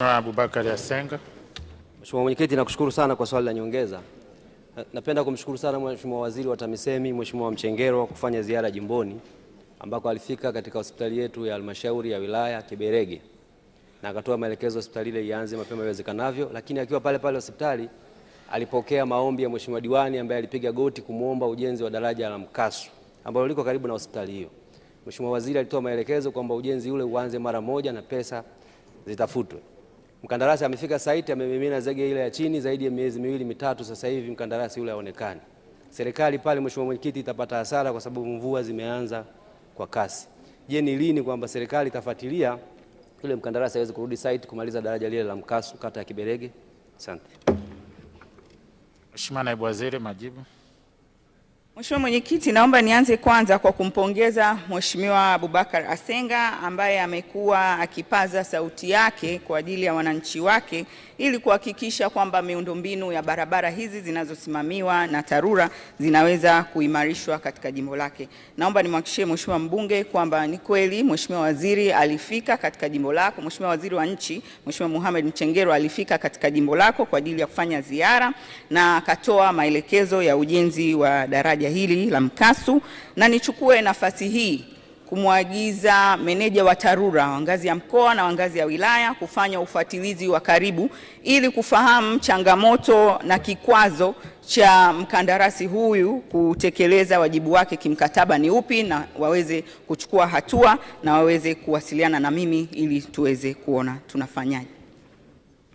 Abubakari Asenga. Mheshimiwa Mwenyekiti, nakushukuru sana kwa swali la nyongeza. Napenda kumshukuru sana Mheshimiwa Waziri wa TAMISEMI Mheshimiwa Mchengerwa kufanya ziara jimboni ambako alifika katika hospitali yetu ya halmashauri ya wilaya Kiberege na akatoa maelekezo hospitali ile ianze mapema iwezekanavyo, lakini akiwa pale pale hospitali alipokea maombi ya Mheshimiwa diwani ambaye alipiga goti kumwomba ujenzi wa daraja la Mkasu ambalo liko karibu na hospitali hiyo. Mheshimiwa Waziri alitoa maelekezo kwamba ujenzi ule uanze mara moja na pesa zitafutwe. Mkandarasi amefika site amemimina zege ile ya chini zaidi ya miezi miwili mitatu, sasa hivi mkandarasi yule haonekani. Serikali pale, mheshimiwa mwenyekiti, itapata hasara kwa sababu mvua zimeanza kwa kasi. Je, ni lini kwamba serikali itafuatilia yule mkandarasi aweze kurudi site kumaliza daraja lile la Mkasu, kata ya Kiberege? Asante. Mheshimiwa Naibu Waziri, majibu. Mheshimiwa Mwenyekiti, naomba nianze kwanza kwa kumpongeza Mheshimiwa Abubakar Asenga ambaye amekuwa akipaza sauti yake kwa ajili ya wananchi wake ili kuhakikisha kwamba miundombinu ya barabara hizi zinazosimamiwa na TARURA zinaweza kuimarishwa katika jimbo lake. Naomba nimhakikishie Mheshimiwa mbunge kwamba ni kweli Mheshimiwa waziri alifika katika jimbo lako, Mheshimiwa waziri wa nchi, Mheshimiwa Mohamed Mchengero alifika katika jimbo lako kwa ajili ya kufanya ziara na akatoa maelekezo ya ujenzi wa daraja daraja hili la Mkasu, na nichukue nafasi hii kumwagiza meneja wa TARURA wa ngazi ya mkoa na wa ngazi ya wilaya kufanya ufuatilizi wa karibu ili kufahamu changamoto na kikwazo cha mkandarasi huyu kutekeleza wajibu wake kimkataba ni upi, na waweze kuchukua hatua na waweze kuwasiliana na mimi ili tuweze kuona tunafanyaje.